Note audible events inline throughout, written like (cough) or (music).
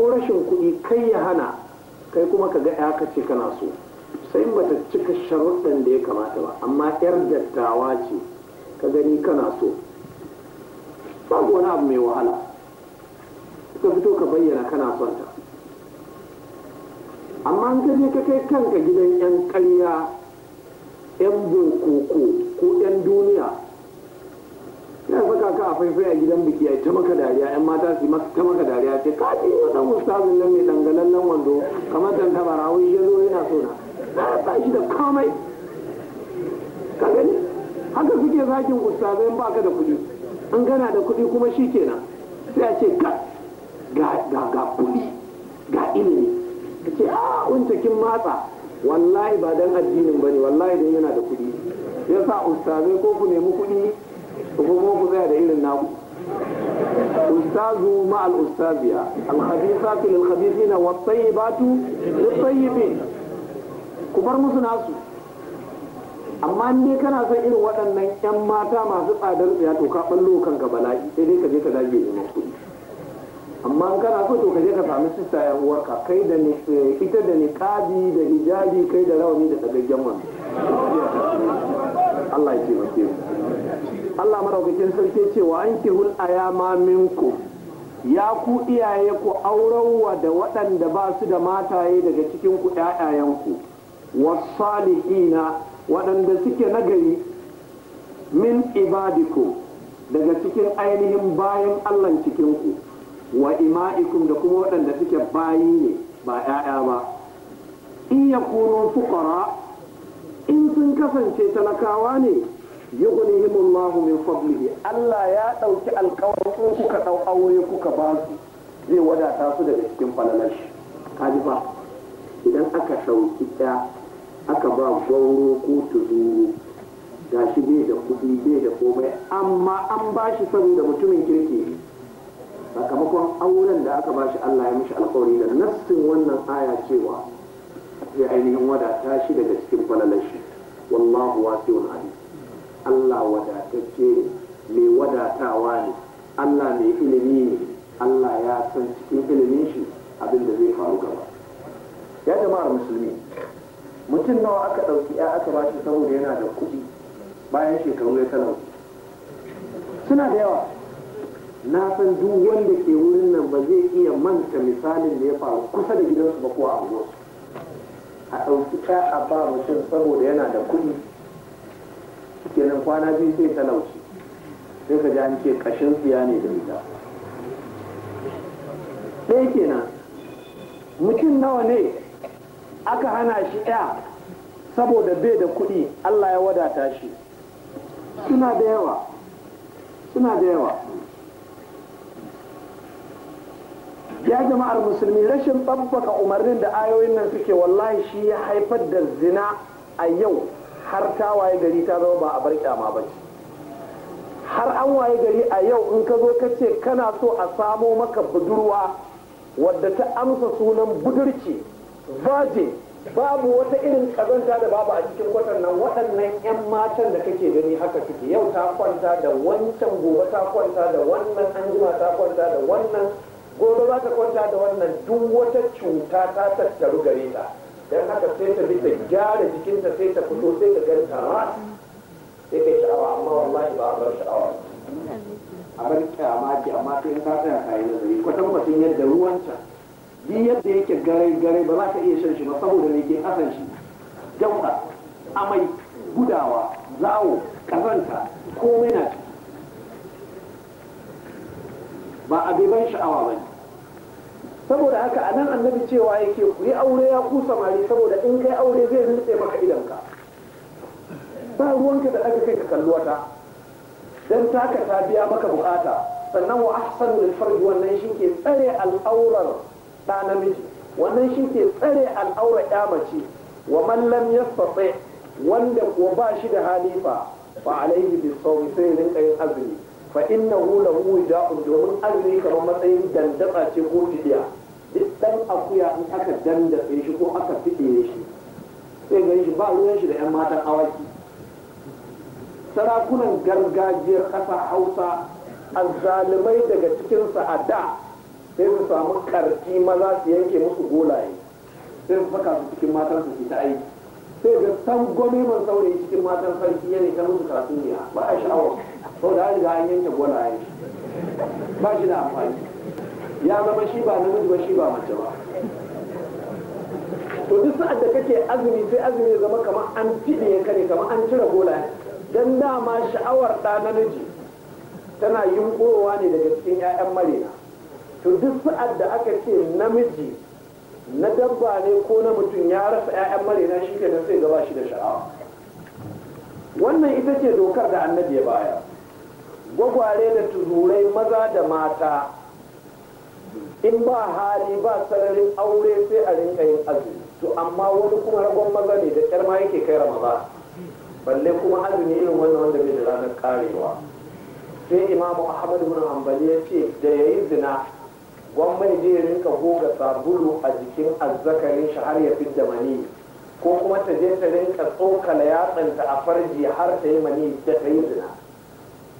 ko rashin kuɗi kai ya hana kai kuma ka ga ya ce kana so sai bata cika sharuɗan da ya kamata ba amma yar dattawa ce ka gani kana so babu wani abu mai wahala ka fito ka bayyana kana son ta amma an ka ka kai kanka gidan 'yan ƙarya 'yan bokoko ko 'yan duniya sai saka ka a faifai a gidan biki a ta maka dariya yan mata su maka ta maka dariya ce ka ji wannan mustazin nan mai dangalallen wando kamar dan tabara shi zo yana so na ba shi da komai ka gani haka suke zakin ustazai ba ka da kuɗi an gana da kuɗi kuma shi kenan sai a ce ka ga ga kuɗi ga ilimi ka ce a ah, wancan kin matsa wallahi ba dan addinin ba ne wallahi dan yana da kuɗi yasa ustazai ko ku nemi kuɗi ku ku tsaya da irin naku ustazu ma al ustaziya al khabithatu lil khabithina wat tayyibatu lit tayyibin ku bar musu nasu amma in dai kana son irin waɗannan yan mata masu tsadar tsaya to ka ballo kanka bala'i sai dai ka je ka dage neman kuɗi amma in kana so to ka je ka samu sista yan uwarka kai da ni eh, ita da ni niqabi da hijabi kai da rawani da tagaggen wani Allah ya taimake mu Allah maraukakin sarki ce wa an kihul ayama minku ya ku iyaye ku aurarwa da waɗanda ba su da mataye daga cikin ku ƴaƴayenku wasalihina waɗanda suke nagari min ibadiku daga cikin ainihin bayan Allah cikin ku wa ima'ikum da kuma waɗanda suke bayi ne ba ƴaƴa ba in yakunu fuqara in sun kasance talakawa ne yughnihim Allah min fadlihi Allah ya ɗauki alƙawarin kuka ɗau aure kuka ba su zai wadata su daga cikin falalar shi kaji ba idan aka ɗauki ɗaya aka ba gwauro ko tuzuru gashi bai da kuɗi bai da komai amma an ba shi saboda mutumin kirki sakamakon auren da aka ba shi Allah ya mishi alƙawari da nassin wannan aya cewa zai ainihin wadata shi daga cikin falalar shi wallahu wasi'un alim Allah wadatacce ne mai wadatawa ne Allah mai ilimi ne Allah ya san cikin ilimin shi abin da zai faru gaba ya jama'ar musulmi mutum nawa aka ɗauki ya aka shi saboda yana da kuɗi bayan shekaru ya talau suna da yawa na san duk wanda ke wurin nan ba zai iya manta misalin da ya faru kusa da gidansu ba ko a a ɗauki ɗaya a ba mutum saboda yana da kuɗi kenan kwana biyu sai talauci sai ka ji an ce kashin tsiya ne da ita ɗaya kenan mutum nawa ne aka hana shi ya saboda bai da kuɗi allah ya wadata shi suna da yawa suna da yawa ya jama'ar musulmi rashin ɓaɓɓaka umarnin da ayoyin nan suke wallahi shi ya haifar da zina a yau har ta waye gari ta zama ba a bar kyama ba har an waye gari a yau in ka zo ka ce kana so a samo maka budurwa wadda ta amsa sunan budurci vaje babu wata irin kazanta da babu a cikin waɗannan waɗannan 'yan matan da kake gani haka suke yau ta kwanta da wancan gobe ta kwanta da wannan anjima ta kwanta da wannan gobe za ta kwanta da wannan duk wata cuta ta tattaru gare ta dan haka sai ta bisa gyara jikinta sai ta fito sai ta ganta ma sai ta sha'awa amma wallahi ba a bar sha'awa a bar kyama ki amma sai ta tsaya ka yi nazari kwatan mutum yadda ruwanta ji yadda yake garai garai ba za ka iya shan shi ba saboda ne ke kasan shi dauka amai gudawa zawo kazanta komai na ba a bai ban sha'awa ba ne saboda haka anan annabi cewa yake ku yi aure ya ku samari saboda in kai aure zai rintse maka idanka ba ruwanka da aka kai ka kalli wata dan taka ta biya maka bukata sannan wa ahsanu lil farj wannan ke tsare al'aurar ta namiji wannan ke tsare al'aurar ya mace wa man lam yastati wanda ko ba shi da halifa fa alaihi bis sawmi sai rinka yin azumi fa innahu lahu da'un domin azumi kamar matsayin dandatsa ce ko fidiya dan akuya in aka dandatse shi ko aka fiɗe shi sai gani shi ba ruwan shi da 'yan matan awaki sarakunan gargajiyar ƙasa hausa azzalumai daga cikinsa a da sai su samu karfi maza su yanke musu golaye sai su faka su cikin matan su ta aiki sai ga san gome man saurayi cikin matan sarki yana ta musu karatu ne ba a sha'awa saboda da an yanke golaye ba shi da amfani ya zama shi ba namiji ba shi ba mace ba to duk sa'ad da kake azumi sai azumi zama kamar an fiɗe ya kare kamar an cire gola dan dama sha'awar ɗa namiji tana yunkowa ne daga cikin 'ya'yan marina to duk sa'ad da aka ce namiji na dabba ne ko na mutum ya rasa 'ya'yan marina shi ke sai gaba shi da sha'awa wannan ita ce dokar da annabi ya baya gwagware da tuzurai maza da mata in ba hali ba sararin aure sai a rinka yin azumi to amma wani kuma ragon maza ne da kyar ma yake kai ramadan balle kuma azumi irin wannan wanda bai da ranar karewa sai imamu ahmad bin hanbali ya ce da yayi zina gwamnati je rinka goga sabulu a jikin azzakarin shi har ya fidda mani ko kuma ta je ta rinka tsokala yatsanta a farji har ta yi mani da ta yi zina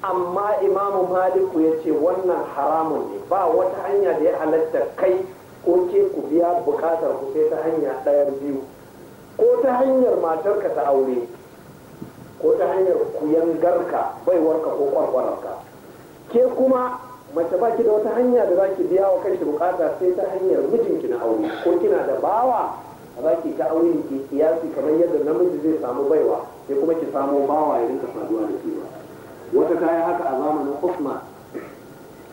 amma imamu maliku ya ce wannan haramun ne ba wata hanya da ya halatta kai ko ke ku biya bukatar ku sai ta hanya ɗaya biyu ko ta hanyar matarka ta aure ko ta hanyar kuyangarka baiwarka ko kwarkwararka ke kuma mace ba ki da wata hanya da za ki biya wa kanki bukata sai ta hanyar mijinki na aure ko kina da bawa za ki ta aure ki kiyasi kamar yadda namiji zai samu baiwa sai kuma ki samu bawa ya rinka saduwa da ke ba wata ta yi haka a zamanin usman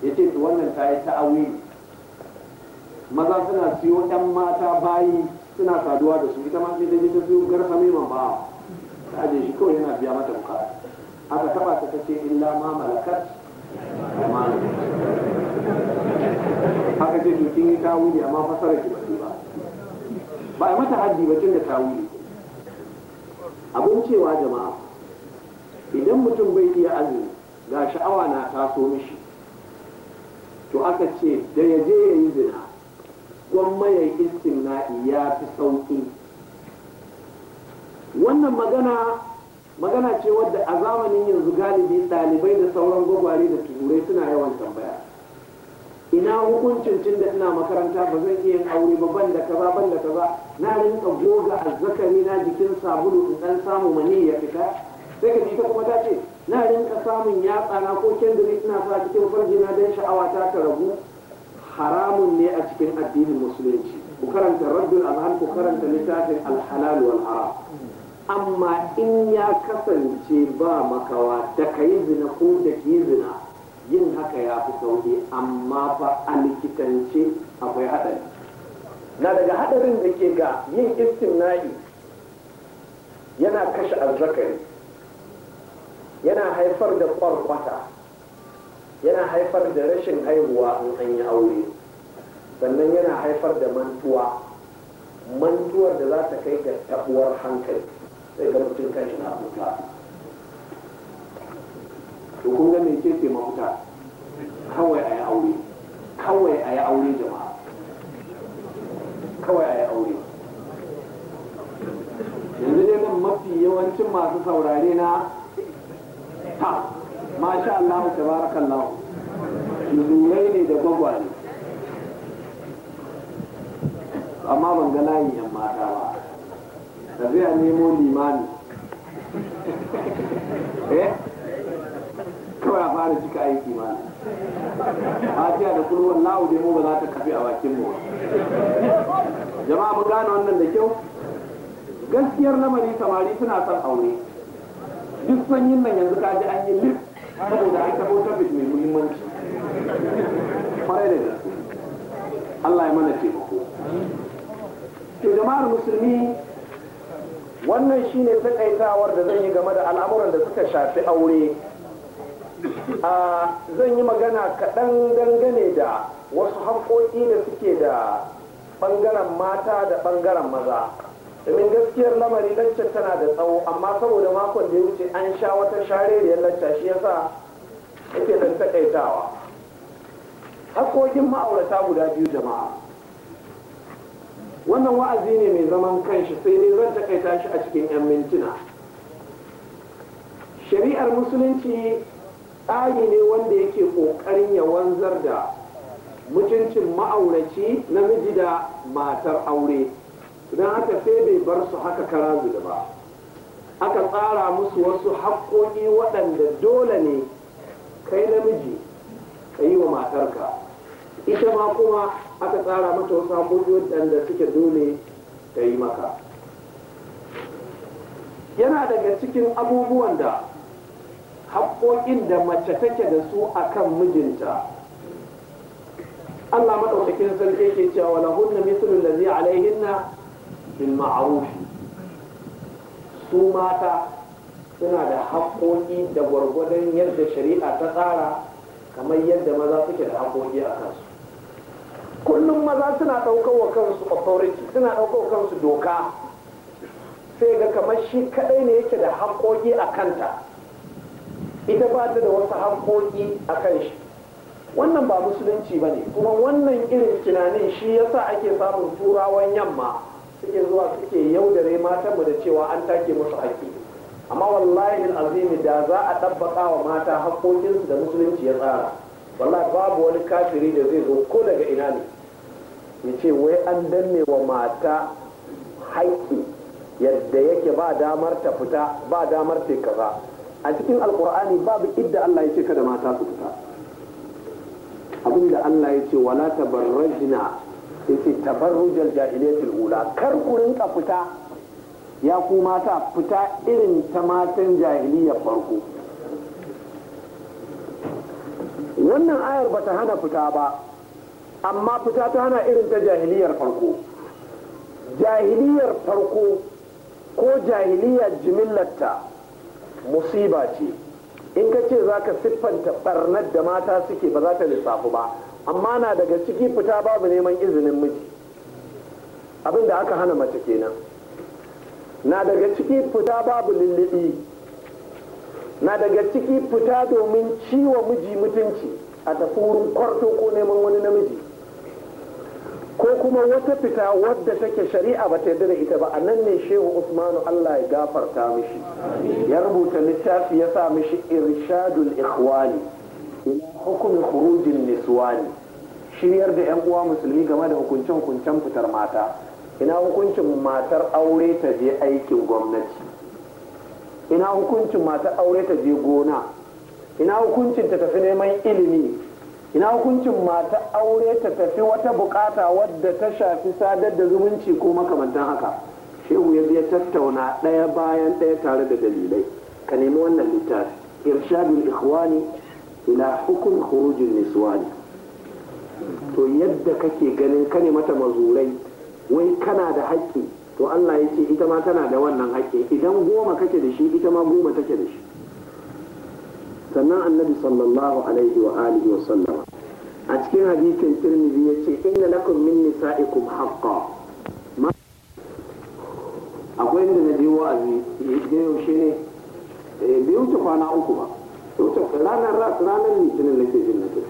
ya ce to wannan ta yi ta'awi maza suna siyo ɗan mata bayi suna saduwa da su ita ma sai dai ta siyo garfa mai ba ta aje shi kawai yana biya mata bukata aka taba ta ta ce illa ma malakat haka ce to kin yi tawili amma fasara ki ba ba a mata haddi ba tun da tawili abin cewa jama'a idan mutum bai iya azumi ga sha'awa na taso mishi to aka ce da ya je ya yi zina gwamma ya yi ya fi sauƙi wannan magana magana ce wadda a zamanin yanzu galibi ɗalibai da sauran gwagware da turai suna yawan tambaya ina hukuncin tun da ina makaranta ba zan iya aure ba ban da kaza ban da kaza na rinka goga azzakari na jikin sabulu in dan samu mani ya fita sai ka kuma ta ce na rinka samun yatsana ko kendiri ina sa cikin farjina dan sha'awa ta ta ragu haramun ne a cikin addinin musulunci ku karanta rabbul azhar ku karanta littafin alhalal wal haram amma in ya kasance ba makawa da kai zina ko da ke zina yin haka ya fi sauki amma fa a likitance akwai haɗari na daga haɗarin da ke ga yin istimna'i yana kashe azzakari yana haifar da kwarkwata yana haifar da rashin haihuwa in an yi aure sannan yana haifar da mantuwa mantuwar da za ta kai ga tabuwar hankali sai ga mutum kanshi na huta to kun ga mai ke mafuta kawai a yi aure kawai a yi aure jama'a kawai a yi aure yanzu ne nan mafi yawancin masu saurare na ha masha Allah tabarakallah zurai ne da gwagware amma ban ga layin yan mata ba da zai nemo limani eh kawai a fara cika aiki ma fatiya da kulwar lahu dai mu ba za ta kafe a bakin mu jama'a mu gane wannan da kyau gaskiyar lamari samari suna son aure duk yi nan yanzu ka ji an yi lif saboda an taɓo ta mai muhimmanci kwarai da Allah ya mana taimako to jama'ar musulmi wannan shi ne takaitawar da zan yi game da al'amuran da suka shafi aure a zan yi magana kaɗan dangane da wasu hankoki da suke da ɓangaren mata da ɓangaren maza domin gaskiyar lamari laccar tana da tsawo amma saboda makon da ya wuce an sha wata shareriyar lacca shi yasa yake nan takaitawa hakokin ma'aurata guda biyu jama'a wannan wa'azi ne mai zaman kanshi sai dai zan takaita shi a cikin 'yan mintuna shari'ar musulunci tsari ne wanda yake ƙoƙarin ya wanzar da mutuncin ma'auraci namiji da matar aure don haka sai bai bar su haka kara ba aka tsara musu wasu haƙƙoƙi waɗanda dole ne kai namiji ka yi wa matarka ita ma kuma aka tsara mata wasu haƙƙoƙi waɗanda suke dole ka yi maka yana daga cikin abubuwan da haƙƙoƙin da mace take da su a kan mijinta Allah maɗaukakin sarki ke cewa lahunna mislul ladzi alaihinna bil ma'arufi su mata suna da haƙoƙi da gwargwadon yadda shari'a ta tsara kamar yadda maza suke da haƙoƙi a kansu kullum maza suna ɗaukar wa kansu authority suna ɗaukar wa kansu doka sai ga kamar shi kaɗai ne yake da haƙoƙi a kanta ita ba ta da wasu haƙoƙi a kan shi wannan ba musulunci ba ne kuma wannan irin tunanin shi yasa ake samun turawan yamma suke zuwa suke yaudare matanmu da cewa an take musu haƙƙi amma wallahi min azimi da za a ɗabbaƙa wa mata haƙƙoƙinsu da musulunci ya tsara wallahi babu wani kafiri da zai zo ko daga ina ne ya ce wai an danne wa mata haƙƙi yadda yake ba damar ta fita ba damar ta kaza a cikin alkur'ani babu idda Allah ya ce kada mata su fita abinda Allah ya ce wala tabarrajna yake tabarrujar jahiliyatul ula kar ku rinka fita ya ku mata fita irin ta matan jahiliya farko wannan ayar ba ta hana fita ba amma fita ta hana irin ta jahiliyar farko jahiliyar farko ko jahiliyar jimillarta musiba ce in ka ce za ka siffanta barnar da mata suke ba za ta lissafu ba amma na daga ciki fita babu neman izinin miji abin da aka hana mace kenan na daga ciki fita babu lullubi na daga ciki fita domin ciwo miji mutunci a tafi wurin kwarto ko neman wani namiji ko kuma wata fita wadda take shari'a ba ta yarda da ita ba a nan ne shehu usmanu allah ya gafarta mishi ya rubuta littafi ya sa mishi irshadul ikhwani hukumin kurujin nisuwani shiryar da yan uwa musulmi game da hukunce hukuncen fitar mata ina hukuncin matar aure ta je aikin gwamnati ina hukuncin matar aure ta je gona ina hukuncin ta tafi neman ilimi ina hukuncin matar aure ta tafi wata bukata wadda ta shafi sadar da zumunci ko makamantan haka shehu ya biya tattauna ɗaya bayan ɗaya tare da dalilai ka nemi wannan littafi irshadul ikhwani ila hukun khurujin niswani to yadda kake ganin kane mata mazurai wai kana da haƙƙi to Allah ya ce ita ma tana da wannan haƙƙi idan goma kake da shi ita ma goma take da shi sannan annabi sallallahu alaihi wa alihi wa sallama a cikin hadisin tirmidhi yace inna lakum min nisaikum haqqan akwai inda na je wa'azi da yaushe ne eh, bai wuce kwana uku ba ranar ras ranar litinin nake jin nake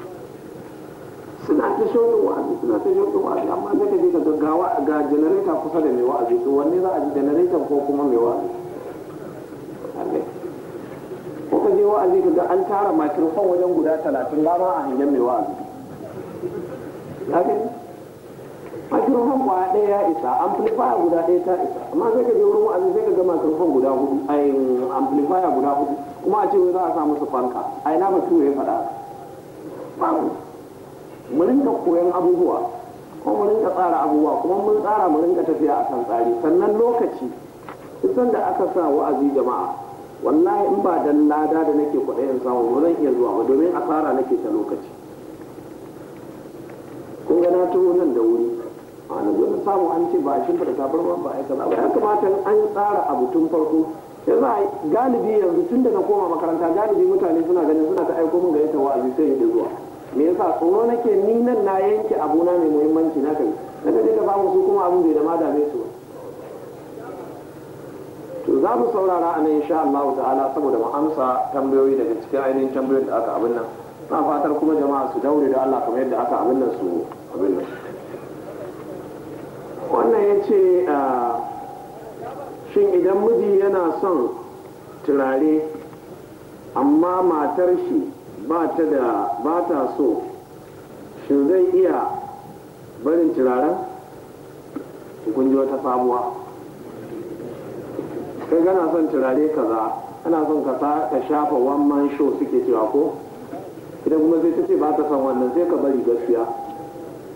suna ta shoɗin wa'azi suna ta shoɗin wa'azi amma sai je ka ga janareta kusa da mai wa'azi wanne za a ji janareta ko kuma mai wa'azi ko ka je wa'azi ka ga an tara makirfon wajen guda talatin ba a hangen mai wa'azi microphone kwa ɗaya ya isa amplifier guda ɗaya ta isa amma sai ka je wurin wa'azi sai ka ga microphone guda hudu ai amplifier guda hudu kuma a ce wai za a sa musu fanka a ina ba ya faɗa babu mu rinka koyan abubuwa ko mu rinka tsara abubuwa kuma mun tsara mu rinka tafiya a kan tsari sannan lokaci isan da aka sa wa'azi jama'a wallahi in ba dan lada da nake kwaɗayin samu ba zan iya zuwa ba domin asara nake ta lokaci kun ga na taho nan da wuri annabi in samu an ce ba a shimfida tabarma ba a kaza ba ya kamata an tsara abu tun farko ya za a galibi yanzu tun da na koma makaranta galibi mutane suna ganin suna ta aiko mun gayyata wa'azi sai yake zuwa me yasa tsoro nake ni nan na yanke abuna mai muhimmanci na kai na da ka samu su kuma abun bai da ma dame su ba to za mu saurara a nan insha Allah ta'ala saboda mu amsa tambayoyi daga cikin ainihin tambayoyin da aka abin nan na fatar kuma jama'a su daure da Allah kamar yadda aka abin nan su abin nan wannan ya ce ah, shin idan miji yana son turare amma matar shi ba ta da ba ta so shin zai iya barin turaren kun ji wata sabuwa kai gana son turare kaza ana son ka ka shafa one man show suke cewa ko idan kuma zai ta ce ba ta son wannan sai ka bari gaskiya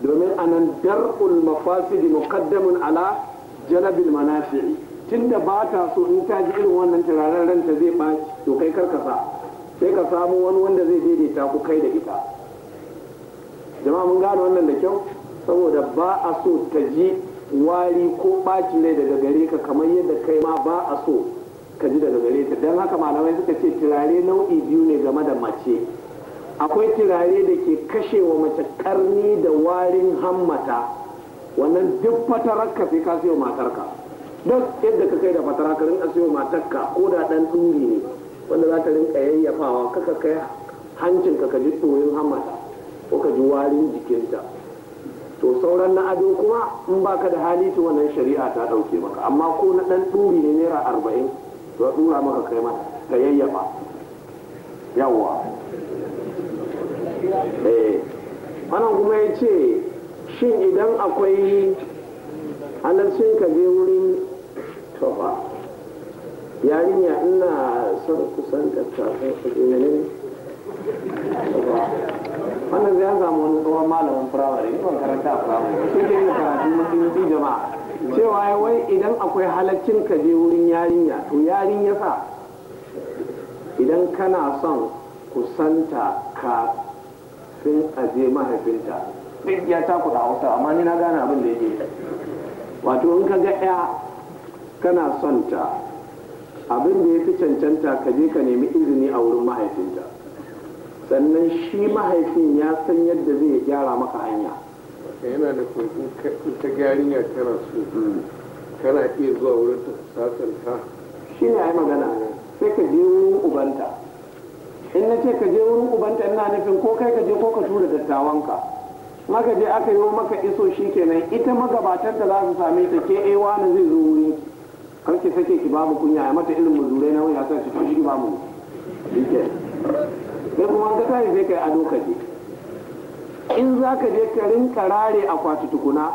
domin anan dar'ul mafasidi muqaddamun ala janabil manafi'i tunda ba ta so in ta ji irin wannan turaren ranta zai ɓaci to kai kar ka sai ka samu wani wanda zai daidaita ku kai da ita jama'a mun gane wannan da kyau saboda ba a so ta ji wari ko ɓaci ne daga gare ka kamar yadda kai ma ba a so ka ji daga gare ta don haka malamai suka ce turare nau'i biyu ne game da mace akwai turare da ke kashe wa mace karni da warin hammata wannan duk fatarar ka sai ka siyo matarka duk yadda ka kai da fatara ka rinka siyo matarka ko da dan duri ne wanda za ta rinka yayyafawa kaka kai hancinka ka ji tsoyin hammata ko ka ji warin jikinta to sauran na ado kuma in baka da hali to wannan shari'a ta dauke maka amma ko na dan duri ne naira arba'in to dura maka kai ma ka yayyafa yawwa wannan eh, kuma ya ce shin idan akwai halarcin ka je wurin tofa yarinya ina son kusan ta ne wannan zai samu wani tsohon malamin firamare yi ban karanta firamare shi ke yi karatu musulunci jama'a cewa ya wai idan akwai halaccin ka je wurin yarinya to yarin sa idan kana son kusanta ka sun a mahaifinta duk ya ta kuɗa hausa amma ni na gane abin da yake wato in ka ga ya kana son ta abin da ya fi cancanta ka je ka nemi izini a wurin mahaifinta sannan shi mahaifin ya san yadda zai gyara maka hanya yana da in ta gyarinya tana so kana iya zuwa wurin ta sasanta shi ne a yi magana sai ka je wurin ubanta in na ce ka je wurin ubanta ina nufin ko kai ka je ko ka tura dattawanka maka je aka yi maka iso shi kenan ita magabatar da za su same ta ke a eh, wani zai zo wuri kar ki sake ki babu kunya a mata irin zurai na wuya sai ki tashi ki babu sai kuma ga tashi sai kai ado ka in za ka je ka rinka rare akwati tukuna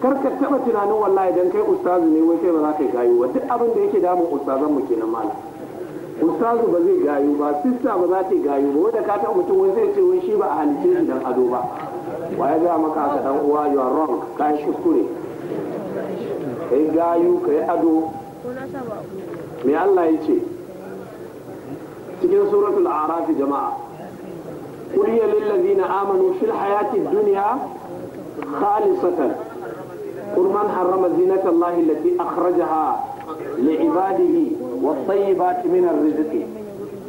kar ka taba tunanin wallahi dan kai ustazu ne wai kai ba za ka yi gayu duk abin da yake damun ustazan mu kenan malam ustazu ba zai gayu ba sista ba za ta gayu ba wanda ka taɓa mutum wani zai ce wai shi ba a halice shi dan ado ba wa ya ga maka aka dan uwa you are wrong ka yi kuskure kai gayu kai ado me Allah ya ce cikin suratul arafi jama'a qul ya lil ladina amanu fil hayati dunya khalisatan qul man harrama zinata allahi allati akhrajaha li'ibadihi wa tayyibat min arziki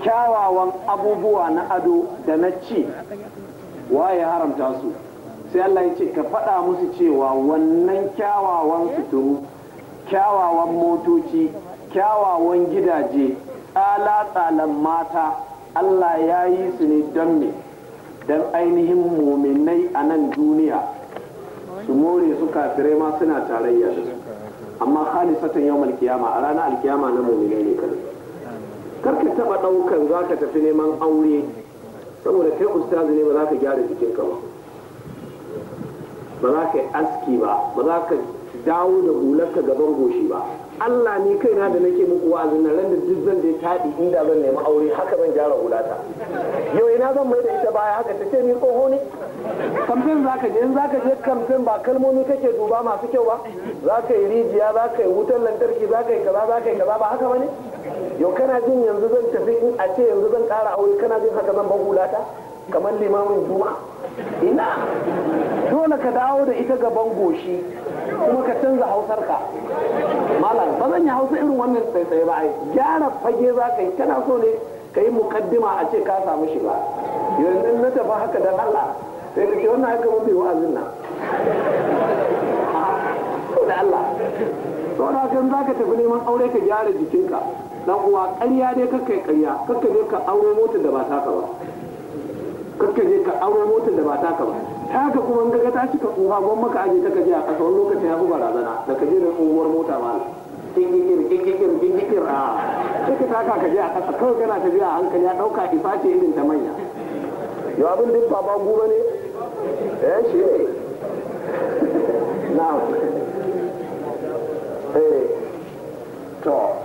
kyawawan abubuwa na ado da na ci waye haramta su sai Allah ya ce ka faɗa musu cewa wannan kyawawan suturu kyawawan motoci kyawawan gidaje tsala-tsalan mata Allah ya yi su ne don me don ainihin muminai a nan duniya su more su kafirai ma suna tarayya da su amma khalisatan yau malkiyama a ranar alkiyama na mu'minai ne kan kar ka taba daukan za ka tafi neman aure saboda kai ustazi ne ba za ka gyara jikinka ba ba za ka yi aski ba ba za ka dawo da hularka gaban goshi ba Allah ne kaina da nake muku wa nan da duk zan je taɗi inda zan nemi aure haka zan gyara hulata yau ina zan mai da ita baya haka ta ce ni tsoho ne kamfen zaka je in zaka je kamfen ba kalmomi kake duba masu kyau ba zaka yi rijiya zaka yi wutar lantarki zaka yi kaza zaka yi kaza ba haka bane yau kana jin yanzu zan tafi in a ce yanzu zan ƙara aure kana jin haka zan ban hulata kamar limamin juma ina dole ka dawo da ita gaban goshi kuma ka canza hausarka malam ba zan yi hausa irin wannan tsaitsaye ba ai gyara fage za ka yi kana so ne ka yi mukaddima a ce ka samu shi ba yanzu na tafi haka dan Allah sai ka ce wannan haka mafi wa'azin nan da Allah saboda kan za ka tafi neman aure ka gyara jikinka dan uwa ƙarya dai kakkai ƙarya kakka je ka aure mota da ba taka ba kakka je ka aro motar da ba taka ba taka kuma in ga ta cika kuma gon maka aje ta kaje a kasa wani lokacin ya fi barazana da kaje da uwar mota ma kikikir kikikir kikikir a sai ka taka kaje a kasa kawai kana tafiya a hankali ya dauka ifa ce irin ta manya yo abin din baba ba ne eh shi ne na'am eh to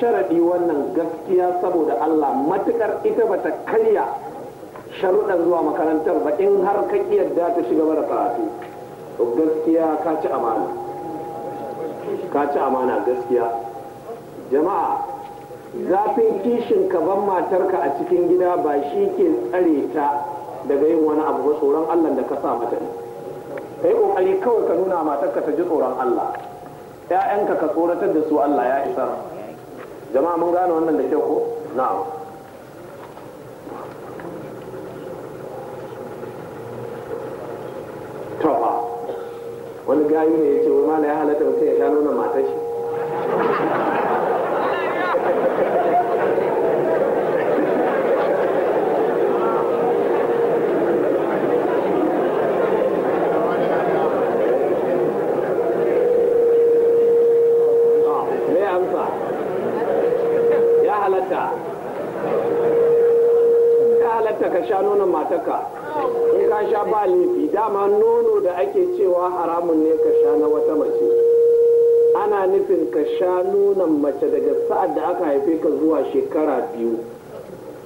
sharaɗi wannan gaskiya saboda Allah matukar ita bata karya sharuɗan zuwa makarantar ba in har ka yadda ta shiga mara karatu gaskiya ka ci amana ka ci amana gaskiya jama'a zafin kishin ka ban matarka a cikin gida ba shi ke tsare ta daga yin wani abu ba tsoron Allah da ka sa mata ne kai ƙoƙari kawai ka nuna matarka ta ji tsoron Allah 'ya'yanka ka tsoratar da su Allah ya isa. jama'a mun gane wannan da kyau ko na'am to wani gayu ne ya ce wai mala ya halatta mutum ya sha nuna matashi laifi dama nono da ake cewa haramun ne ka sha na wata mace ana nufin ka sha nonon mace daga sa'ad da aka haife ka zuwa shekara biyu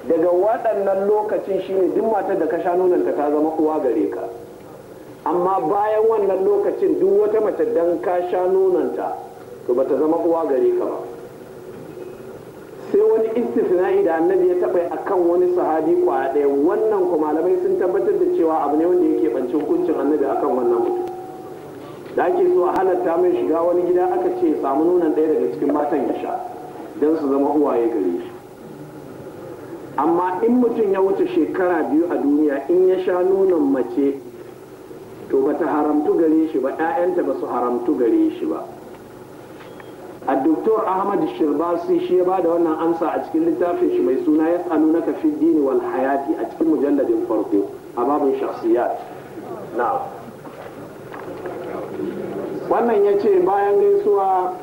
daga waɗannan lokacin shine duk matar da ka sha nononta ta zama uwa gare ka amma bayan wannan lokacin duk wata mace dan ka sha nononta to bata zama uwa gare ka ba sai wani istisna'i da annabi ya taɓa a kan wani sahabi kwaya ɗaya wannan kuma malamai sun tabbatar da cewa abu ne wanda yake ɓance hukuncin annabi a kan wannan mutum da ake so a halatta mai shiga wani gida aka ce samu nonon ɗaya daga cikin matan ya sha don su zama uwaye gare shi amma in mutum ya wuce shekara biyu a duniya in ya sha nunan mace to bata haramtu gare shi ba 'ya'yanta ba su haramtu gare shi ba a doktor ahmad shirbasi shi ya bada wannan amsa a cikin littafin shi mai suna ya tsano na kafin dini wal hayati a cikin mujalladin farko a babin shafsiyat na wannan ya ce bayan gaisuwa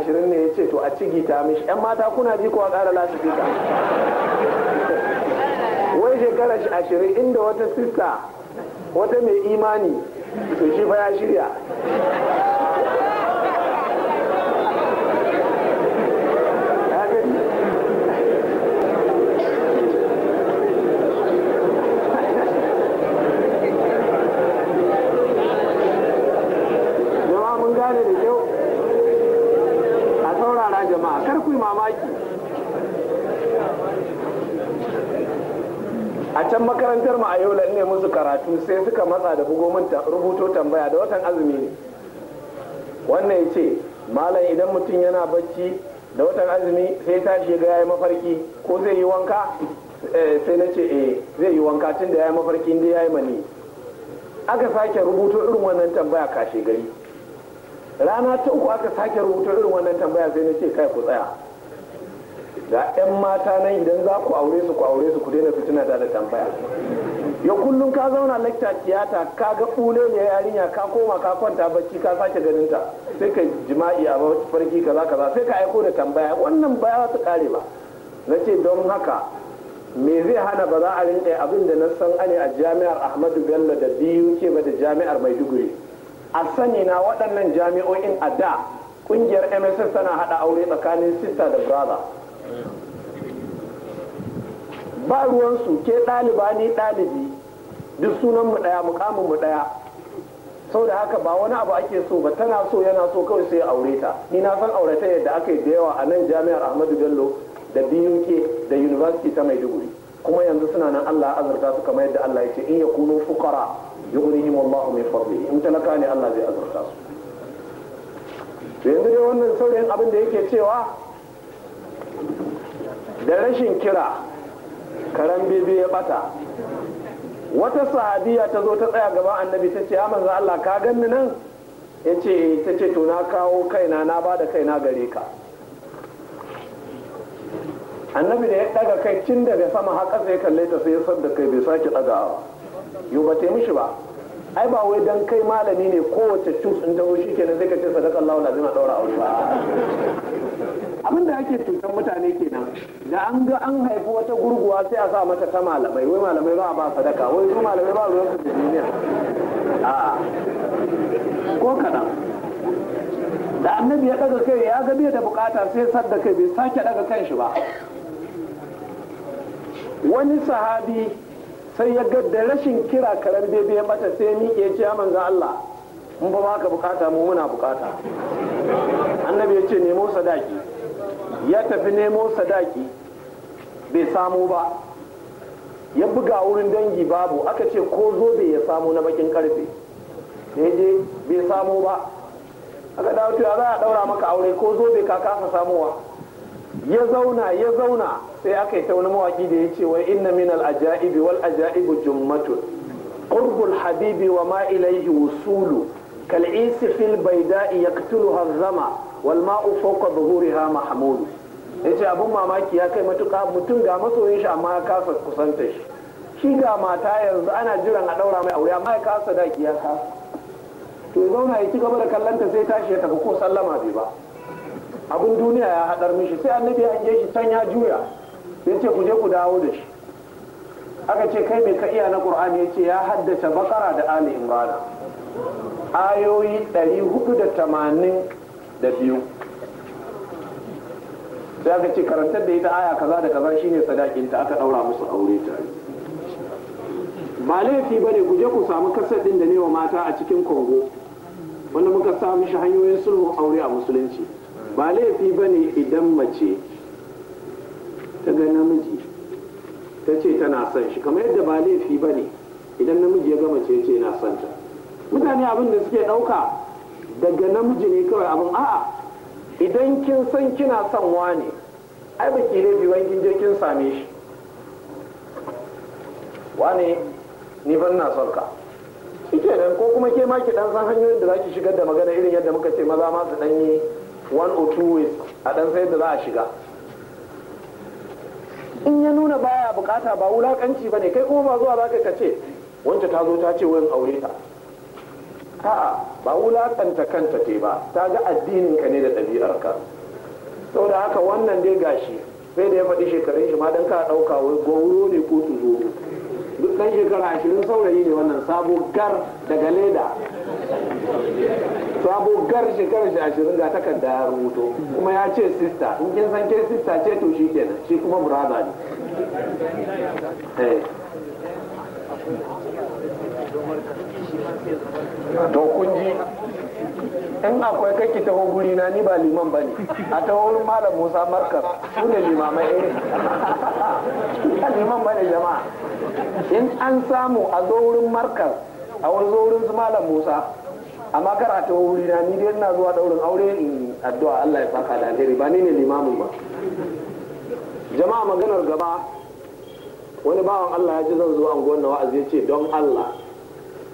ashirin ne ya ce to a ta mishi yan mata kuna ji kuwa ƙara lasifika wai shekara ashirin inda wata sista wata mai imani to shi fa ya shirya saba da bugo min rubuto tambaya da watan azumi ne wannan ya ce malam idan mutum yana bacci da watan azumi sai tashi ga yayi mafarki ko zai yi wanka eh, sai na ce eh zai yi wanka tun da yayi mafarki inda yayi mani aka sake rubuto irin wannan tambaya kashe gari rana ta uku aka sake rubuto irin wannan tambaya sai na ce kai ku tsaya ga 'yan mata nan idan za ku aure su ku aure su ku daina fitina da tambaya ya kullum ka zauna lecture tiyata ka ga ɓule ne yarinya ka koma ka kwanta bacci ka sake ganin ta sai ka jima'i a farki kaza kaza sai ka aiko da tambaya wannan ya su kare ba na ce don haka me zai hana ba za a rinka abin da na san ane a jami'ar ahmadu bello da biyu ke ba da jami'ar maiduguri a sani na waɗannan jami'o'in a da ƙungiyar mss tana haɗa aure tsakanin sister da brother ba ruwansu ke ɗaliba ne ɗalibi duk sunan mu daya mukamin mu daya da haka ba wani abu ake so ba tana so yana so kawai sai aure ta ni na san aurata yadda aka yi da yawa a nan jami'ar Ahmadu Bello da BUK da University ta Maiduguri kuma yanzu suna nan Allah azurta su kama yadda Allah ya ce in yakunu fuqara yughnihim Allahu mai fadlihi in talaka ne Allah zai azurta su yanzu dai wannan saurayin abin da yake cewa da rashin kira karen bebe ya bata wata sahabiya ta zo ta tsaya gaban annabi ta ce ya manzan Allah ka ganni nan ya ce ta ce to na kawo kaina na ba da kaina gare ka annabi da ya daga kai cin daga sama har ƙasa ya kalle ta sai ya da kai bai sake daga yau ba ta mishi ba ai ba wai dan kai malami ne kowace cus in ta shi kenan sai ka ce sadakan Allah lazima daura aure abin da ake cutar mutane kenan da an ga an haifi wata gurguwa sai a sa mata ta malamai wai malamai ba a ba sadaka wai su malamai ba ruwan su da duniya a ko kana da annabi ya daga kai ya ga bai da bukata sai sadda kai bai sake daga kan shi ba wani sahabi sai ya ga da rashin kira karen bebe ya mata sai miƙe ce ya manzo Allah mun ba ka bukata mu muna bukata annabi ya ce nemo sadaki ya tafi nemo sadaki bai samu ba ya buga wurin dangi babu aka ce ko zobe ya samu na bakin karfe da je bai samu ba aka dawo za a daura maka aure ko zobe ka kasa samuwa ya zauna ya zauna sai aka yi ta wani mawaki da ya ce wai inna min al-ajaibi wal ajaibu jummatun qurbul habibi wa ma ilayhi wusulu kal isi fil bayda'i yaqtuluha zama wal ma'u fawqa dhuhuriha mahmulu ya ce abin mamaki ya kai matuka mutum ga masoyin shi amma ya kasa kusanta shi shi ga mata yanzu ana jiran a ɗaura mai aure amma ya kasa daki ya kasa to zauna ya ci gaba da kallanta sai tashi ya tafi ko sallama bai ba abin duniya ya haɗar mishi sai annabi ya hange shi can ya juya ya ce ku je ku dawo da shi aka ce kai mai ka iya na ƙur'ani ya ce ya haddace bakara da ali ayoyi ɗari hudu da tamanin da biyu sai aka ce karantar da ita aya kaza da kaza shine ta aka daura musu aure ta ba laifi ba ne guje ku samu kasar ɗin da ne wa mata a cikin kongo wanda muka samu shi hanyoyin sulhun aure a musulunci ba laifi ba ne idan mace ta ga namiji ta ce tana son shi kamar yadda ba laifi ba ne idan namiji ya ga mace ce na son ta mutane abin da suke ɗauka daga namiji ne kawai abin a'a idan kin san kina son wane ai ba ki laifi wani kin je kin same shi Wani ni ban na son ka shike nan ko kuma ke ma ki dan san hanyoyin da za ki shigar da magana irin yadda muka ce maza ma su dan yi one or two ways a dan sayar da za a shiga in ya nuna baya bukata ba wulakanci ba ne kai kuma ba zuwa za ka kace wancan ta zo ta ce wurin aure ta a'a ba wulakanta kanta ce ba ta ga addinin ka ne da ɗabi'ar ka sau da haka wannan dai gashi sai da ya faɗi shekarun shi ma don ka ɗauka wai goro ne ko tuzo duk ɗan shekara ashirin saurayi ne wannan sabo gar daga leda sabo gar shekarar shi ashirin ga takarda ya rubuto kuma ya ce sista in kin san ke sista ce to shi kenan shi kuma burada ne eh. to kun in akwai kai ki taho guri na ni ba liman bane a taho wurin malam Musa Markar su ne limamai eh liman bane jama'a in an samu a zo wurin Markar a wurin zo wurin malam Musa amma kar a taho wuri na ni dai ina zuwa daurin aure in addu'a Allah ya saka da alheri ba ni ne limamin ba jama'a maganar gaba wani bawan Allah ya ji zan zo an gwanna wa'azi ya ce don Allah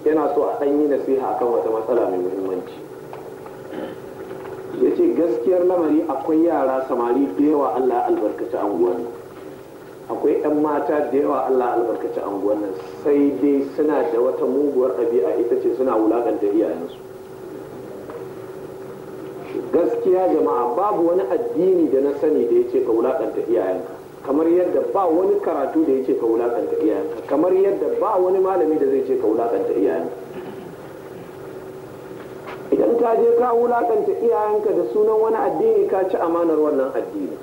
yana so a ɗanyi nasiha akan wata matsala mai muhimmanci ya ce gaskiyar lamari akwai yara samari da yawa allah albarkaci anguwan nan akwai 'yan mata da yawa allah albarkaci anguwan nan sai dai suna da wata muguwar ɗabi'a ita ce suna wulaƙanta iyayensu gaskiya jama'a babu wani addini da na sani da ya ce ka wulaƙanta iyayenka kamar yadda ba wani karatu da ya ce ka wulaƙanta iyayenka kamar yadda ba wani malami da zai ce ka wulaƙanta iyayenka idan ka je ka wulakanta iyayenka da sunan wani addini ka ci amanar wannan addini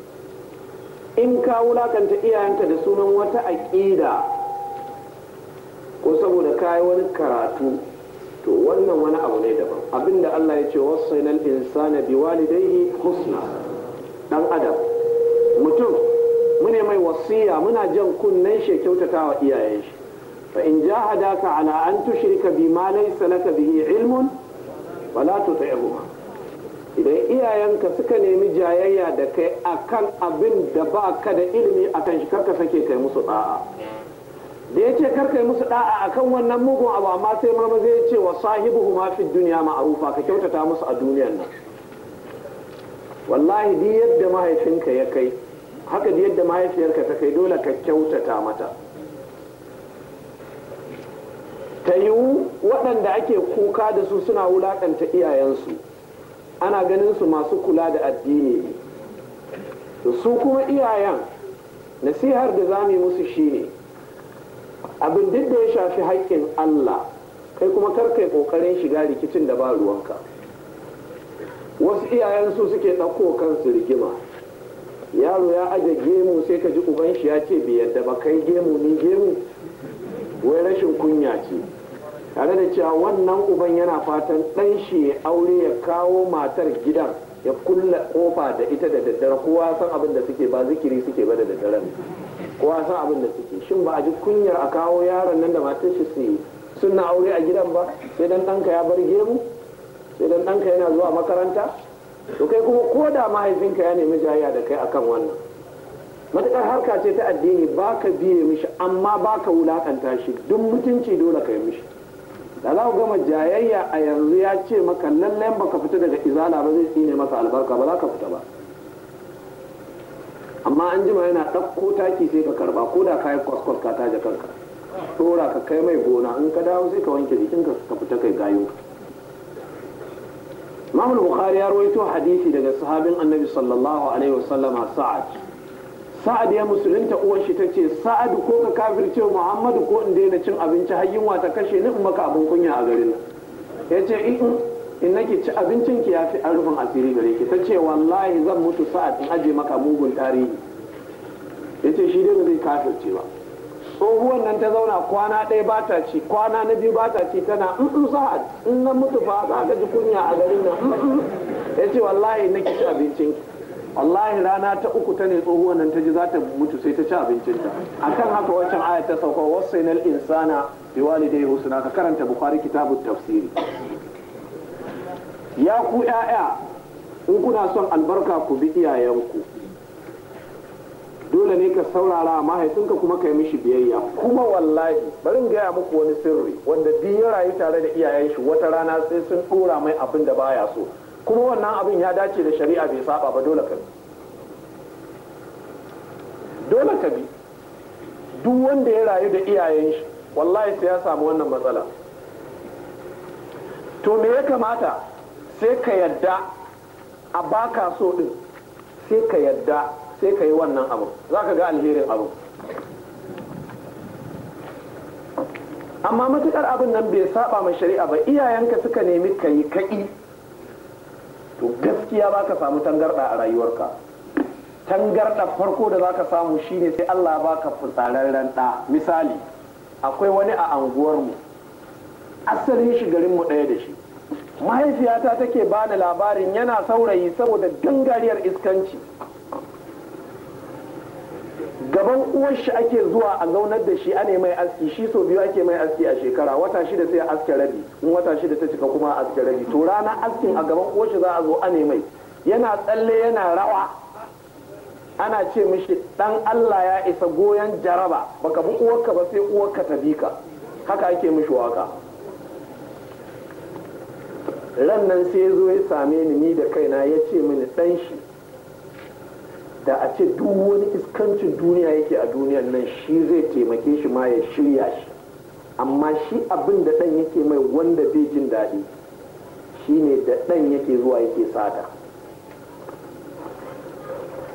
in ka wulakanta iyayenka da sunan wata aƙida ko saboda ka yi wani karatu to wannan wani abu ne daban abinda Allah ya ce wasu insana bi walidaihi husna dan adam mutum mune mai wasiya muna jan kunnen shi kyautata wa iyayen shi fa in jahadaka ala an tushrika bi ma laysa laka bihi ilmun wala to ta yahu idan iyayenka suka nemi jayayya da kai akan abin da ba ka da ilimi akan shi karka sake kai musu da'a da ya ce karka yi musu da'a akan wannan mugun abu amma sai marma zai ce wa sahibu ma fi duniya ma'arufa ka kyautata musu a duniyan nan wallahi di yadda mahaifinka ya kai haka di yadda mahaifiyarka ta kai dole ka kyautata mata ta yiwu waɗanda ake kuka da su suna wulaƙanta iyayensu ana ganin su masu kula da addini ne su kuma iyayen nasihar da za mu musu shine abin duk da ya shafi haƙƙin allah kai kuma karkai ƙoƙarin shiga rikicin da ba ruwanka wasu iyayen su suke ɗauko kansu rigima yaro ya aje gemu sai ka ji uban shi ya ce biyar yadda ba kai gemu ni gemu wai rashin kunya ce tare da cewa wannan uban yana fatan ɗan shi ya aure ya kawo matar gidan ya kulla kofa da ita da daddare kowa san abin da suke ba zikiri suke ba da daddare kowa san abin da suke shin ba a ji kunyar a kawo yaron nan da matar shi su suna aure a gidan ba sai dan ɗanka ya bar gemu sai dan ɗanka yana zuwa makaranta to kai kuma ko da mahaifinka ya nemi jayya da kai akan wannan matukar harka ce ta addini ba ka biye mishi amma ba ka wulakanta shi duk mutunci dole ka yi mishi da za ku gama jayayya a yanzu ya ce maka lallen baka fita daga izala ba zai tsine masa albarka ba za ka fita ba amma an jima yana ɗauko taki sai ka karba ko da kayan kwaskwas ka taje kanka tsora ka kai mai gona in ka dawo sai ka wanke jikinka ka fita kai gayo Imam Bukhari ya rawaito hadisi daga sahabin Annabi sallallahu alaihi wasallama Sa'ad sa'ad ya musulunta uwan shi ta ce sa'ad ko ka kafirce muhammadu ko in daina cin abinci har yunwa ta kashe ni in maka abin kunya a garin ya ce in in nake ci abincin ki yafi an rufin asiri gare ki ta ce wallahi zan mutu sa'ad in aje maka mugun tarihi ya ce shi dai ba zai kafirce ba tsohuwan nan ta zauna kwana ɗaya ba ta ci kwana na biyu ba ta ci tana in sa'ad in na mutu fa za ka ji kunya a garin nan (laughs) ya ce wallahi nake ci abincin ki wallahi rana ta uku ta ne tsohuwan nan ta ji za ta mutu sai ta ci abincin ta akan haka wancan ayat ta sauka wasainal insana bi walidayhi husna ka karanta bukhari kitabut tafsiri ya ku ya'ya in kuna son albarka ku bi iyayenku dole ne ka saurara mahaifinka kuma ka yi mishi biyayya kuma wallahi bari in gaya muku wani sirri wanda duk ya rayu tare da iyayen shi wata rana sai sun dora mai abin da baya so kuma wannan abin ya dace da shari'a bai saba ba dole ka bi dole ka bi duk wanda ya rayu da iyayen shi wallahi sai ya samu wannan matsala to me ya kamata sai ka yadda a baka so din sai ka yadda sai ka yi wannan abu za ka ga alherin abu amma matukar abin nan bai saba ma shari'a ba iyayenka suka nemi ka yi ka'i to gaskiya ba ka samu tangarɗa a rayuwarka tangarɗa farko da za ka samu shine sai Allah ba ka fitsararren ɗa misali akwai wani a anguwarmu asalin shi garinmu ɗaya da shi mahaifiyata take bani labarin yana saurayi saboda gangariyar iskanci gaban uwan shi ake zuwa a zaunar da shi a mai aski shi sau biyu ake mai aski a shekara wata shida sai a aske rabi in wata shida ta cika kuma a aske rabi to rana askin a gaban uwashi shi za a zo a mai yana tsalle yana rawa ana ce mishi dan Allah ya isa goyon jaraba baka bi uwarka ba sai uwarka ta bi ka haka ake mishi waka ran nan sai zo ya same ni ni da kaina ya ce mini dan shi da a ce duk wani iskancin duniya yake a duniyan nan shi zai taimake shi ma ya shirya shi amma shi abin da ɗan yake mai wanda bai jin daɗi shi ne da ɗan yake zuwa yake sata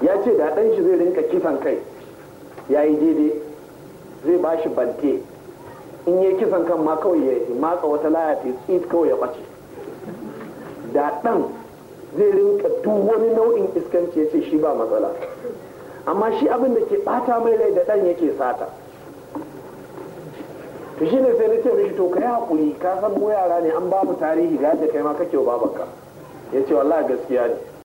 ya ce da ɗan shi zai rinka kisan kai ya yi daidai zai ba shi bante in yi kisan kan ma kawai ya matsa wata laya ta tsit kawai ya ɓace da ɗan zai rinka duk wani nau'in iskanci ya ce shi ba matsala amma shi abin da ke bata mai rai da dan yake sata to shi ne sai na ce mishi to ka yi haƙuri ka san mu yara ne an ba mu tarihi ga yadda kai ma kake babanka ya ce wallahi gaskiya ne